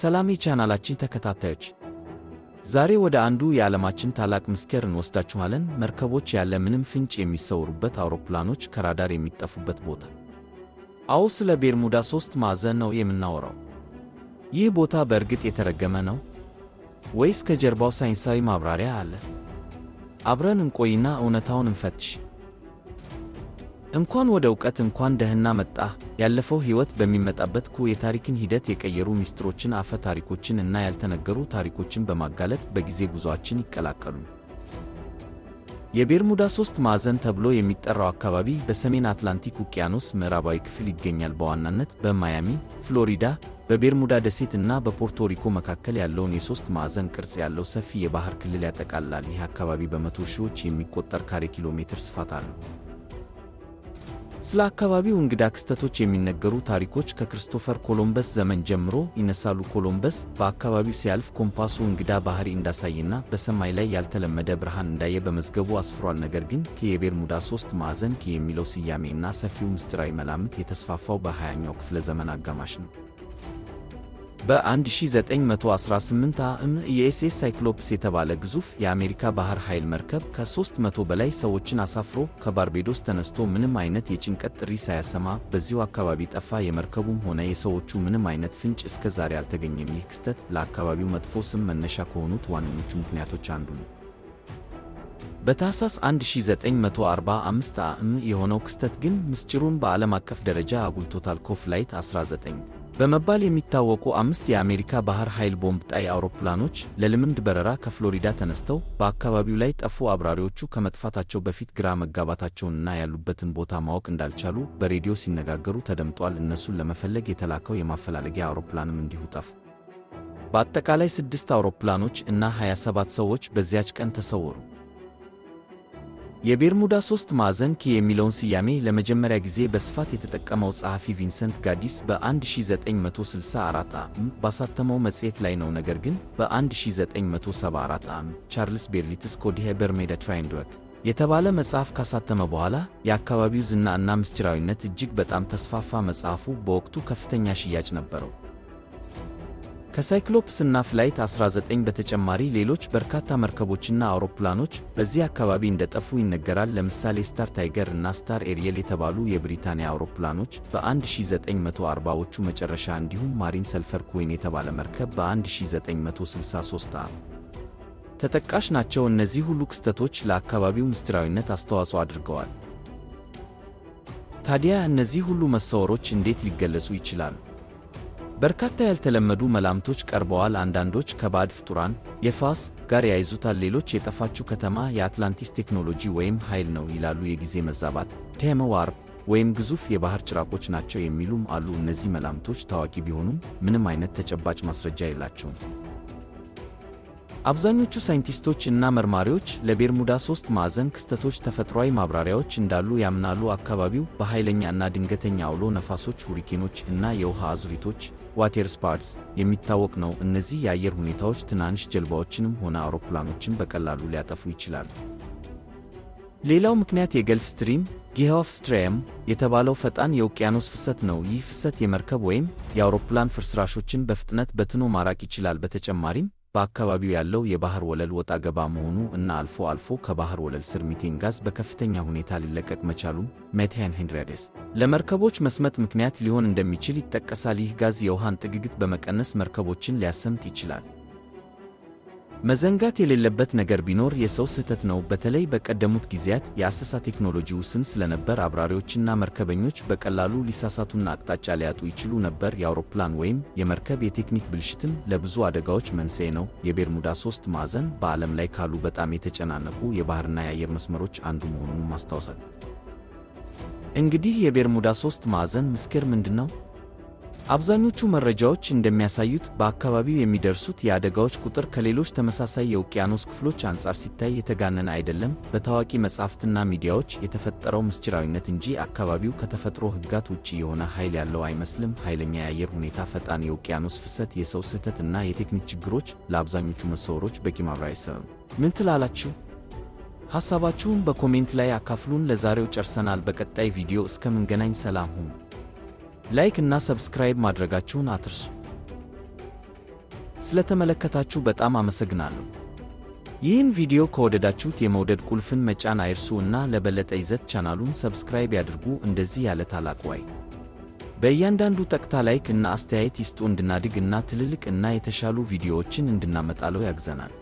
ሰላም የቻናላችን ተከታታዮች፣ ዛሬ ወደ አንዱ የዓለማችን ታላቅ ምስኪር እንወስዳችኋለን። መርከቦች ያለ ምንም ፍንጭ የሚሰውሩበት፣ አውሮፕላኖች ከራዳር የሚጠፉበት ቦታ። አዎ፣ ስለ ቤርሙዳ ሦስት ማዕዘን ነው የምናወራው። ይህ ቦታ በእርግጥ የተረገመ ነው ወይስ ከጀርባው ሳይንሳዊ ማብራሪያ አለ? አብረን እንቆይና እውነታውን እንፈትሽ። እንኳን ወደ ዕውቀት እንኳን ደህና መጣ ያለፈው ሕይወት በሚመጣበት ኩ የታሪክን ሂደት የቀየሩ ሚስጥሮችን፣ አፈ ታሪኮችን እና ያልተነገሩ ታሪኮችን በማጋለጥ በጊዜ ጉዞአችን ይቀላቀሉ። የቤርሙዳ ሦስት ማዕዘን ተብሎ የሚጠራው አካባቢ በሰሜን አትላንቲክ ውቅያኖስ ምዕራባዊ ክፍል ይገኛል። በዋናነት በማያሚ ፍሎሪዳ፣ በቤርሙዳ ደሴት እና በፖርቶሪኮ መካከል ያለውን የሦስት ማዕዘን ቅርጽ ያለው ሰፊ የባህር ክልል ያጠቃልላል። ይህ አካባቢ በመቶ ሺዎች የሚቆጠር ካሬ ኪሎ ሜትር ስፋት አለው። ስለ አካባቢው እንግዳ ክስተቶች የሚነገሩ ታሪኮች ከክርስቶፈር ኮሎምበስ ዘመን ጀምሮ ይነሳሉ። ኮሎምበስ በአካባቢው ሲያልፍ ኮምፓሱ እንግዳ ባህሪ እንዳሳይና በሰማይ ላይ ያልተለመደ ብርሃን እንዳየ በመዝገቡ አስፍሯል። ነገር ግን የቤርሙዳ ሶስት ማዕዘን የሚለው ስያሜ እና ሰፊው ምስጢራዊ መላምት የተስፋፋው በ2ኛው ክፍለ ዘመን አጋማሽ ነው። በ1918 ዓ.ም የኤስኤስ ሳይክሎፕስ የተባለ ግዙፍ የአሜሪካ ባህር ኃይል መርከብ ከ300 በላይ ሰዎችን አሳፍሮ ከባርቤዶስ ተነስቶ ምንም አይነት የጭንቀት ጥሪ ሳያሰማ በዚሁ አካባቢ ጠፋ። የመርከቡም ሆነ የሰዎቹ ምንም አይነት ፍንጭ እስከ ዛሬ አልተገኘም። ይህ ክስተት ለአካባቢው መጥፎ ስም መነሻ ከሆኑት ዋነኞቹ ምክንያቶች አንዱ ነው። በታህሳስ 1945 ዓ.ም የሆነው ክስተት ግን ምስጢሩን በዓለም አቀፍ ደረጃ አጉልቶታል። ላይት 19 በመባል የሚታወቁ አምስት የአሜሪካ ባህር ኃይል ቦምብ ጣይ አውሮፕላኖች ለልምምድ በረራ ከፍሎሪዳ ተነስተው በአካባቢው ላይ ጠፉ። አብራሪዎቹ ከመጥፋታቸው በፊት ግራ መጋባታቸውንና ያሉበትን ቦታ ማወቅ እንዳልቻሉ በሬዲዮ ሲነጋገሩ ተደምጧል። እነሱን ለመፈለግ የተላከው የማፈላለጊያ አውሮፕላንም እንዲሁ ጠፉ። በአጠቃላይ ስድስት አውሮፕላኖች እና 27 ሰዎች በዚያች ቀን ተሰወሩ። የቤርሙዳ ሦስት ማዕዘን ኪ የሚለውን ስያሜ ለመጀመሪያ ጊዜ በስፋት የተጠቀመው ጸሐፊ ቪንሰንት ጋዲስ በ1964 ዓ.ም ባሳተመው መጽሔት ላይ ነው። ነገር ግን በ1974 ዓ.ም ቻርልስ ቤርሊትስ ኮዲሄ በርሜዳ ትራይንድወክ የተባለ መጽሐፍ ካሳተመ በኋላ የአካባቢው ዝና እና ምስጢራዊነት እጅግ በጣም ተስፋፋ። መጽሐፉ በወቅቱ ከፍተኛ ሽያጭ ነበረው። ከሳይክሎፕስና ፍላይት 19 በተጨማሪ ሌሎች በርካታ መርከቦችና አውሮፕላኖች በዚህ አካባቢ እንደጠፉ ይነገራል። ለምሳሌ ስታር ታይገር እና ስታር ኤሪየል የተባሉ የብሪታንያ አውሮፕላኖች በ1940ዎቹ መጨረሻ እንዲሁም ማሪን ሰልፈር ኩዌን የተባለ መርከብ በ1963 ዓ ተጠቃሽ ናቸው። እነዚህ ሁሉ ክስተቶች ለአካባቢው ምስጢራዊነት አስተዋጽኦ አድርገዋል። ታዲያ እነዚህ ሁሉ መሰወሮች እንዴት ሊገለጹ ይችላሉ? በርካታ ያልተለመዱ መላምቶች ቀርበዋል። አንዳንዶች ከባድ ፍጡራን የፋስ ጋር ያይዙታል፣ ሌሎች የጠፋችው ከተማ የአትላንቲስ ቴክኖሎጂ ወይም ኃይል ነው ይላሉ። የጊዜ መዛባት ቴምዋርፕ ወይም ግዙፍ የባህር ጭራቆች ናቸው የሚሉም አሉ። እነዚህ መላምቶች ታዋቂ ቢሆኑም ምንም አይነት ተጨባጭ ማስረጃ የላቸውም። አብዛኞቹ ሳይንቲስቶች እና መርማሪዎች ለቤርሙዳ ሦስት ማዕዘን ክስተቶች ተፈጥሯዊ ማብራሪያዎች እንዳሉ ያምናሉ። አካባቢው በኃይለኛ እና ድንገተኛ አውሎ ነፋሶች፣ ሁሪኬኖች እና የውሃ አዙሪቶች ዋቴርስፓድስ የሚታወቅ ነው። እነዚህ የአየር ሁኔታዎች ትናንሽ ጀልባዎችንም ሆነ አውሮፕላኖችን በቀላሉ ሊያጠፉ ይችላሉ። ሌላው ምክንያት የገልፍ ስትሪም ጊሄኦፍ ስትሬም የተባለው ፈጣን የውቅያኖስ ፍሰት ነው። ይህ ፍሰት የመርከብ ወይም የአውሮፕላን ፍርስራሾችን በፍጥነት በትኖ ማራቅ ይችላል። በተጨማሪም በአካባቢው ያለው የባህር ወለል ወጣ ገባ መሆኑ እና አልፎ አልፎ ከባህር ወለል ስር ሚቴን ጋዝ በከፍተኛ ሁኔታ ሊለቀቅ መቻሉም ሜታን ሄንሪያደስ ለመርከቦች መስመጥ ምክንያት ሊሆን እንደሚችል ይጠቀሳል። ይህ ጋዝ የውሃን ጥግግት በመቀነስ መርከቦችን ሊያሰምጥ ይችላል። መዘንጋት የሌለበት ነገር ቢኖር የሰው ስህተት ነው። በተለይ በቀደሙት ጊዜያት የአሰሳ ቴክኖሎጂ ውስን ስለነበር አብራሪዎችና መርከበኞች በቀላሉ ሊሳሳቱና አቅጣጫ ሊያጡ ይችሉ ነበር። የአውሮፕላን ወይም የመርከብ የቴክኒክ ብልሽትም ለብዙ አደጋዎች መንስኤ ነው። የቤርሙዳ ሶስት ማዕዘን በዓለም ላይ ካሉ በጣም የተጨናነቁ የባህርና የአየር መስመሮች አንዱ መሆኑን ማስታወሳል። እንግዲህ የቤርሙዳ ሶስት ማዕዘን ምስክር ምንድን ነው? አብዛኞቹ መረጃዎች እንደሚያሳዩት በአካባቢው የሚደርሱት የአደጋዎች ቁጥር ከሌሎች ተመሳሳይ የውቅያኖስ ክፍሎች አንጻር ሲታይ የተጋነነ አይደለም። በታዋቂ መጻሕፍትና ሚዲያዎች የተፈጠረው ምስጢራዊነት እንጂ አካባቢው ከተፈጥሮ ህጋት ውጭ የሆነ ኃይል ያለው አይመስልም። ኃይለኛ የአየር ሁኔታ፣ ፈጣን የውቅያኖስ ፍሰት፣ የሰው ስህተት እና የቴክኒክ ችግሮች ለአብዛኞቹ መሰወሮች በቂ ማብራሪያ አይሰጡም። ምን ትላላችሁ? ሐሳባችሁን በኮሜንት ላይ አካፍሉን። ለዛሬው ጨርሰናል። በቀጣይ ቪዲዮ እስከምንገናኝ ሰላም ሁኑ። ላይክ እና ሰብስክራይብ ማድረጋችሁን አትርሱ። ስለተመለከታችሁ በጣም አመሰግናለሁ። ይህን ቪዲዮ ከወደዳችሁት የመውደድ ቁልፍን መጫን አይርሱ እና ለበለጠ ይዘት ቻናሉን ሰብስክራይብ ያድርጉ። እንደዚህ ያለ ታላቅ ዋይ በእያንዳንዱ ጠቅታ ላይክ እና አስተያየት ይስጡ እንድናድግ እና ትልልቅ እና የተሻሉ ቪዲዮዎችን እንድናመጣለው ያግዘናል።